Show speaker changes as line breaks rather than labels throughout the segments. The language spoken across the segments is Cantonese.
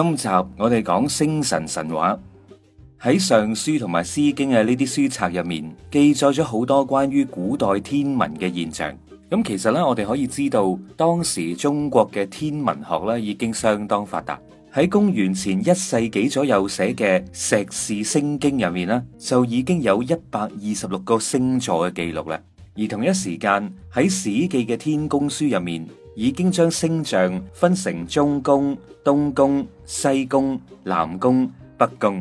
今集我哋講星辰神話，喺《尚書》同埋《詩經》嘅呢啲書冊入面，記載咗好多關於古代天文嘅現象。咁其實咧，我哋可以知道，當時中國嘅天文學咧已經相當發達。喺公元前一世紀左右寫嘅《石氏星經》入面咧，就已經有一百二十六個星座嘅記錄啦。而同一時間喺《史記》嘅《天官書》入面。已經將星象分成中宮、東宮、西宮、南宮、北宮。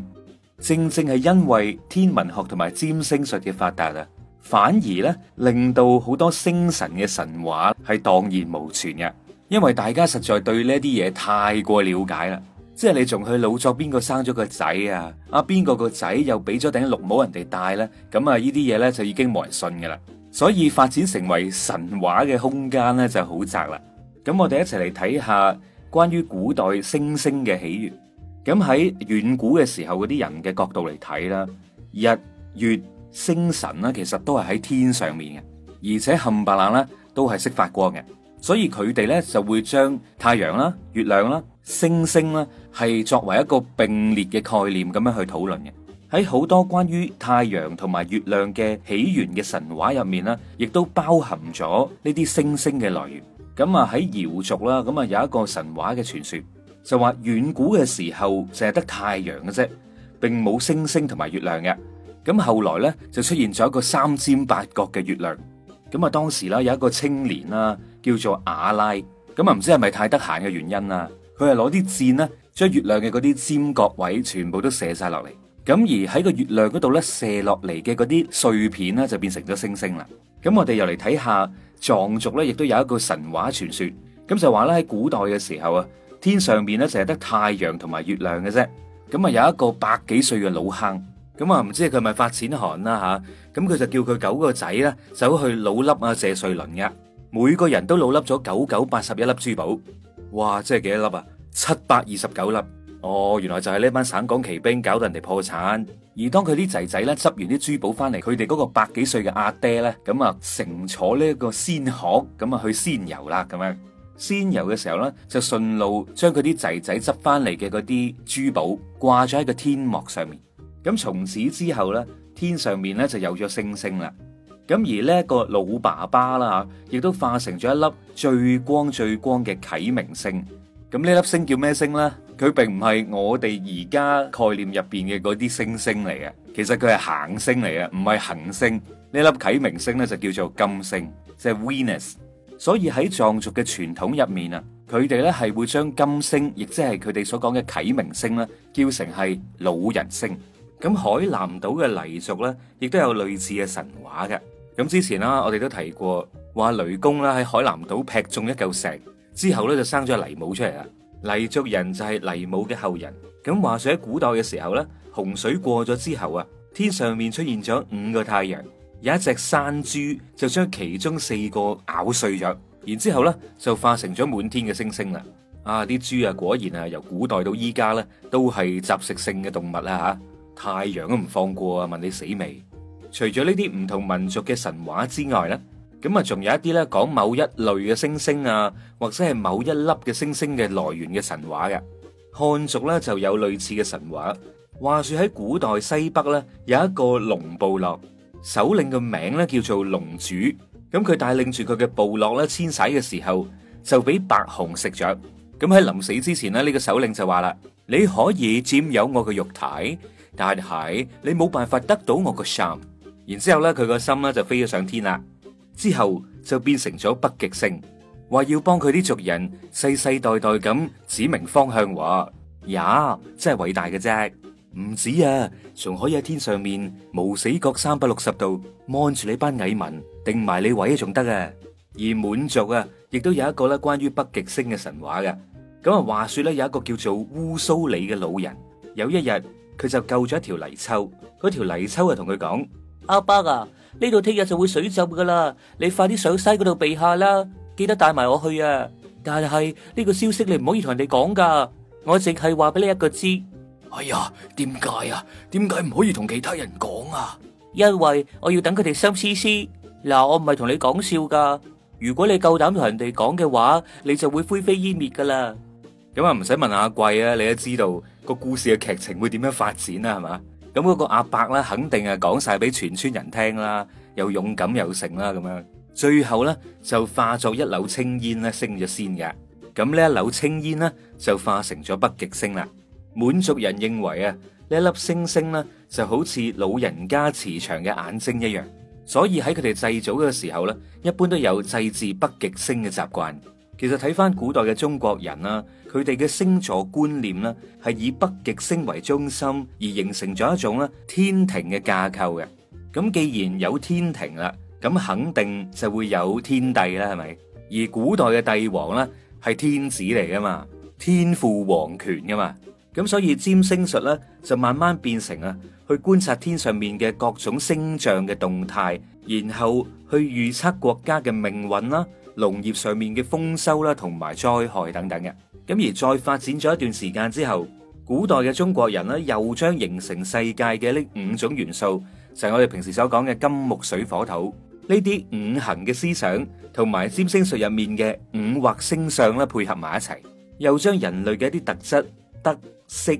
正正係因為天文學同埋占星術嘅發達啊，反而咧令到好多星神嘅神話係蕩然無存嘅。因為大家實在對呢啲嘢太過了解啦，即係你仲去老作邊個生咗個仔啊？啊邊個個仔又俾咗頂綠帽人哋戴咧？咁啊呢啲嘢咧就已經冇人信噶啦。所以發展成為神話嘅空間咧就好窄啦。咁我哋一齊嚟睇下關於古代星星嘅起源。咁喺遠古嘅時候，嗰啲人嘅角度嚟睇啦，日、月、星辰啦，其實都係喺天上面嘅，而且冚唪唥咧都係識發光嘅，所以佢哋咧就會將太陽啦、月亮啦、星星啦係作為一個並列嘅概念咁樣去討論嘅。喺好多關於太陽同埋月亮嘅起源嘅神話入面啦，亦都包含咗呢啲星星嘅來源。咁啊喺瑤族啦，咁啊有一個神話嘅傳說，就話遠古嘅時候淨係得太陽嘅啫，並冇星星同埋月亮嘅。咁後來呢，就出現咗一個三尖八角嘅月亮。咁啊當時啦，有一個青年啦，叫做阿拉，咁啊唔知係咪太得閒嘅原因啊，佢係攞啲箭呢，將月亮嘅嗰啲尖角位全部都射晒落嚟。咁而喺個月亮嗰度咧，射落嚟嘅嗰啲碎片咧就變成咗星星啦。咁我哋又嚟睇下藏族咧，亦都有一個神話傳說。咁就話咧喺古代嘅時候啊，天上邊咧淨係得太陽同埋月亮嘅啫。咁啊有一個百幾歲嘅老坑，咁啊唔知佢係咪發錢寒啦吓。咁佢就叫佢九個仔咧走去老粒啊謝瑞麟嘅。每個人都老粒咗九九八十一粒珠寶。哇！即係幾多粒啊？七百二十九粒。哦，原來就係呢班省港騎兵搞到人哋破產，而當佢啲仔仔咧執完啲珠寶翻嚟，佢哋嗰個百幾歲嘅阿爹咧，咁啊乘坐呢一個仙鶴咁啊去仙遊啦，咁樣仙遊嘅時候咧，就順路將佢啲仔仔執翻嚟嘅嗰啲珠寶掛咗喺個天幕上面，咁從此之後咧，天上面咧就有咗星星啦，咁而呢一個老爸爸啦，亦都化成咗一粒最光最光嘅啟明星，咁呢粒星叫咩星咧？佢並唔係我哋而家概念入邊嘅嗰啲星星嚟嘅，其實佢係行星嚟嘅，唔係恆星。呢粒啟明星咧就叫做金星，即係 Venus。所以喺藏族嘅傳統入面啊，佢哋咧係會將金星，亦即係佢哋所講嘅啟明星咧，叫成係老人星。咁海南島嘅黎族咧，亦都有類似嘅神話嘅。咁之前啦，我哋都提過話雷公咧喺海南島劈中一嚿石之後咧就生咗黎母出嚟啊。黎族人就係黎母嘅後人，咁話說喺古代嘅時候咧，洪水過咗之後啊，天上面出現咗五個太陽，有一隻山豬就將其中四個咬碎咗，然之後咧就化成咗滿天嘅星星啦。啊，啲豬啊果然啊由古代到依家咧都係雜食性嘅動物啦吓，啊，太陽都唔放過啊，問你死未？除咗呢啲唔同民族嘅神話之外咧。咁啊，仲有一啲咧，講某一類嘅星星啊，或者係某一粒嘅星星嘅來源嘅神話嘅。漢族咧就有類似嘅神話，話說喺古代西北咧有一個龍部落，首領嘅名咧叫做龍主。咁佢帶領住佢嘅部落咧遷徙嘅時候，就俾白熊食咗。咁喺臨死之前咧，呢個首領就話啦：你可以佔有我嘅肉體，但係你冇辦法得到我個心。然之後咧，佢個心咧就飛咗上天啦。之後就變成咗北極星，話要幫佢啲族人世世代代咁指明方向話。話、yeah, 呀，真係偉大嘅啫，唔止啊，仲可以喺天上面無死角三百六十度望住你班蟻民，定埋你位仲得啊。而滿族啊，亦都有一個咧關於北極星嘅神話嘅。咁啊，話說咧有一個叫做烏蘇里嘅老人，有一日佢就救咗一條泥鰍，嗰條泥鰍啊同佢講：阿伯啊！呢度聽日就會水浸噶啦，你快啲上西嗰度避下啦！記得帶埋我去啊！但係呢、這個消息你唔可以同人哋講噶，我淨係話俾你一個知。哎呀，點解啊？點解唔可以同其他人講啊？因為我要等佢哋心思思。嗱，我唔係同你講笑噶，如果你夠膽同人哋講嘅話，你就會灰飛煙滅噶啦。咁啊、嗯，唔使問，問阿貴啊，你都知道個故事嘅劇情會點樣發展啊，係嘛？咁嗰個阿伯咧，肯定係講晒俾全村人聽啦，又勇敢又成啦，咁樣最後咧，就化作一縷青煙咧升咗先嘅。咁呢一縷青煙咧就化成咗北極星啦。滿族人認為啊，呢粒星星咧就好似老人家慈祥嘅眼睛一樣，所以喺佢哋祭祖嘅時候咧，一般都有祭祀北極星嘅習慣。其實睇翻古代嘅中國人啦，佢哋嘅星座觀念咧，係以北極星為中心而形成咗一種咧天庭嘅架構嘅。咁既然有天庭啦，咁肯定就會有天帝啦，係咪？而古代嘅帝王呢，係天子嚟噶嘛，天父皇權噶嘛。咁所以占星術呢，就慢慢變成啊，去觀察天上面嘅各種星象嘅動態，然後去預測國家嘅命運啦。農業上面嘅豐收啦，同埋災害等等嘅，咁而再發展咗一段時間之後，古代嘅中國人呢，又將形成世界嘅呢五種元素，就係我哋平時所講嘅金木水火土呢啲五行嘅思想，同埋占星術入面嘅五惑星相咧配合埋一齊，又將人類嘅一啲特質、德、色、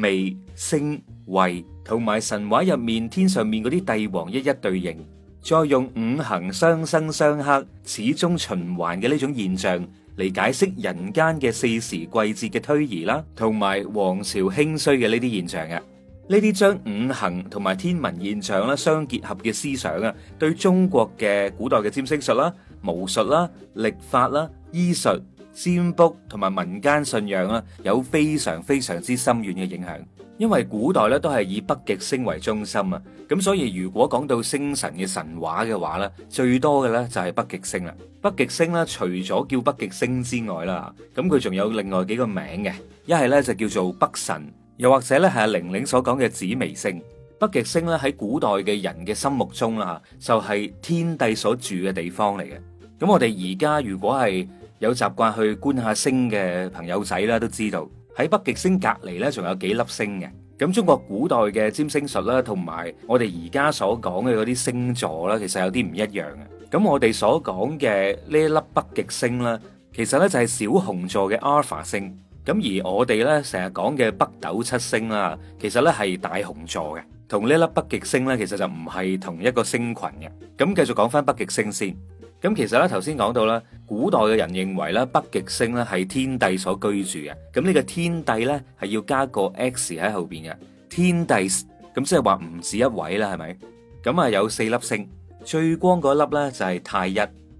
味、聲、為同埋神話入面天上面嗰啲帝王一一對應。再用五行相生相克、始終循環嘅呢種現象嚟解釋人間嘅四時季節嘅推移啦，同埋王朝興衰嘅呢啲現象嘅呢啲將五行同埋天文現象啦相結合嘅思想啊，對中國嘅古代嘅占星術啦、巫術啦、曆法啦、醫術。占卜同埋民間信仰啦，有非常非常之深遠嘅影響。因為古代咧都係以北極星為中心啊，咁所以如果講到星神嘅神話嘅話咧，最多嘅咧就係北極星啦。北極星咧除咗叫北極星之外啦，咁佢仲有另外幾個名嘅，一係咧就叫做北神，又或者咧係阿玲玲所講嘅紫微星。北極星咧喺古代嘅人嘅心目中啦，就係天帝所住嘅地方嚟嘅。咁我哋而家如果係有習慣去觀下星嘅朋友仔啦，都知道喺北極星隔籬咧，仲有幾粒星嘅。咁中國古代嘅占星術啦，同埋我哋而家所講嘅嗰啲星座啦，其實有啲唔一樣嘅。咁我哋所講嘅呢粒北極星啦，其實咧就係小熊座嘅阿爾法星。咁而我哋咧成日講嘅北斗七星啦，其實咧係大熊座嘅，同呢粒北極星咧，其實就唔係同一個星群嘅。咁繼續講翻北極星先。咁其實咧，頭先講到啦，古代嘅人認為咧，北極星咧係天帝所居住嘅。咁呢個天帝咧係要加個 X 喺後邊嘅，天帝咁即係話唔止一位啦，係咪？咁啊有四粒星，最光嗰粒咧就係太一。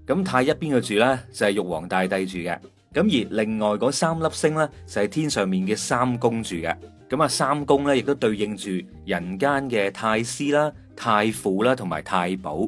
咁太一邊個住咧就係玉皇大帝住嘅。咁而另外嗰三粒星咧就係天上面嘅三公住嘅。咁啊三公咧亦都對應住人間嘅太師啦、太傅啦同埋太保。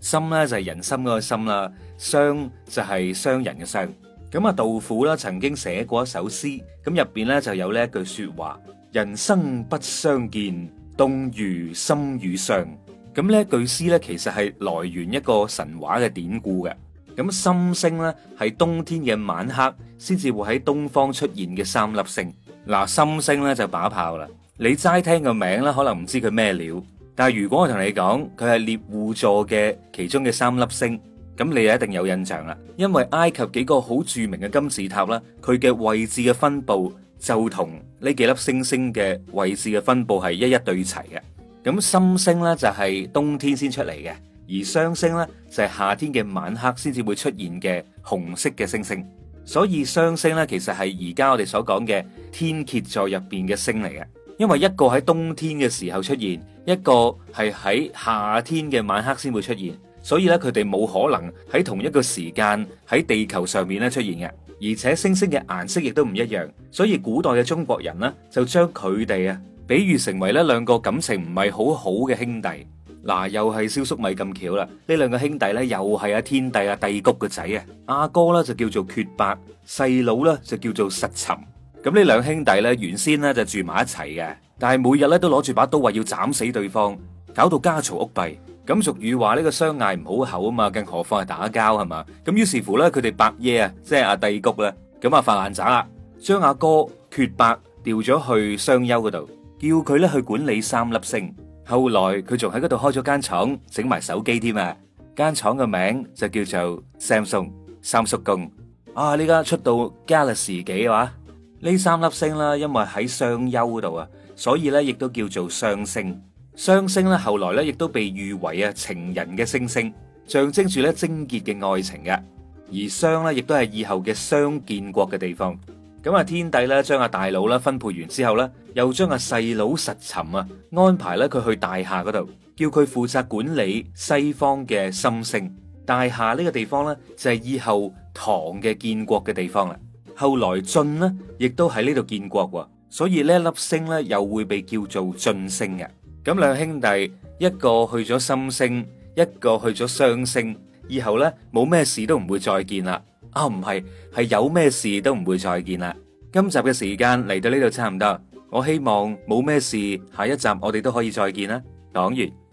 心咧就係人心嗰個心啦，傷就係傷人嘅傷。咁啊，杜甫咧曾經寫過一首詩，咁入邊咧就有呢一句說話：人生不相見，動如心與傷。咁呢一句詩咧，其實係來源一個神話嘅典故嘅。咁心星咧係冬天嘅晚黑先至會喺東方出現嘅三粒星。嗱，心星咧就把炮啦，你齋聽個名咧，可能唔知佢咩料。但係如果我同你講佢係獵戶座嘅其中嘅三粒星，咁你就一定有印象啦。因為埃及幾個好著名嘅金字塔啦，佢嘅位置嘅分布就同呢幾粒星星嘅位置嘅分布係一一對齊嘅。咁三星咧就係、是、冬天先出嚟嘅，而雙星咧就係、是、夏天嘅晚黑先至會出現嘅紅色嘅星星。所以雙星咧其實係而家我哋所講嘅天蠍座入邊嘅星嚟嘅。因為一個喺冬天嘅時候出現，一個係喺夏天嘅晚黑先會出現，所以咧佢哋冇可能喺同一個時間喺地球上面咧出現嘅。而且星星嘅顏色亦都唔一樣，所以古代嘅中國人呢，就將佢哋啊比喻成為咧兩個感情唔係好好嘅兄弟。嗱、啊，又係蕭叔米咁巧啦，呢兩個兄弟呢，又係阿天帝阿帝嚳個仔啊，阿哥呢，就叫做閼伯，細佬呢，就叫做實沈。咁呢兩兄弟咧，原先咧就住埋一齊嘅，但係每日咧都攞住把刀，話要斬死對方，搞到家嘈屋閉。咁俗語話呢個相嗌唔好口啊嘛，更何況係打交係嘛？咁於是乎咧，佢哋伯爺啊，即係阿帝嚳啦，咁啊發爛渣啦，將阿哥閼伯調咗去商丘嗰度，叫佢咧去管理三粒星。後來佢仲喺嗰度開咗間廠，整埋手機添啊。間廠嘅名就叫做 Samsung 三叔公啊。呢家出到 Galaxy 幾啊？呢三粒星啦，因為喺商丘度啊，所以咧亦都叫做商星。商星咧後來咧亦都被譽為啊情人嘅星星，象徵住咧貞潔嘅愛情嘅。而商咧亦都係以後嘅商建國嘅地方。咁啊天帝咧將阿大佬啦分配完之後咧，又將阿細佬實沉啊安排咧佢去大夏嗰度，叫佢負責管理西方嘅參星。大夏呢個地方咧就係以後唐嘅建國嘅地方啦。後來晉呢，亦都喺呢度建國，哦，所以呢粒星呢，又會被叫做晉星嘅。咁兩兄弟一個去咗心星，一個去咗雙星，以後呢冇咩事都唔會再見啦。啊、哦，唔係，係有咩事都唔會再見啦。今集嘅時間嚟到呢度差唔多，我希望冇咩事，下一集我哋都可以再見啦。講完。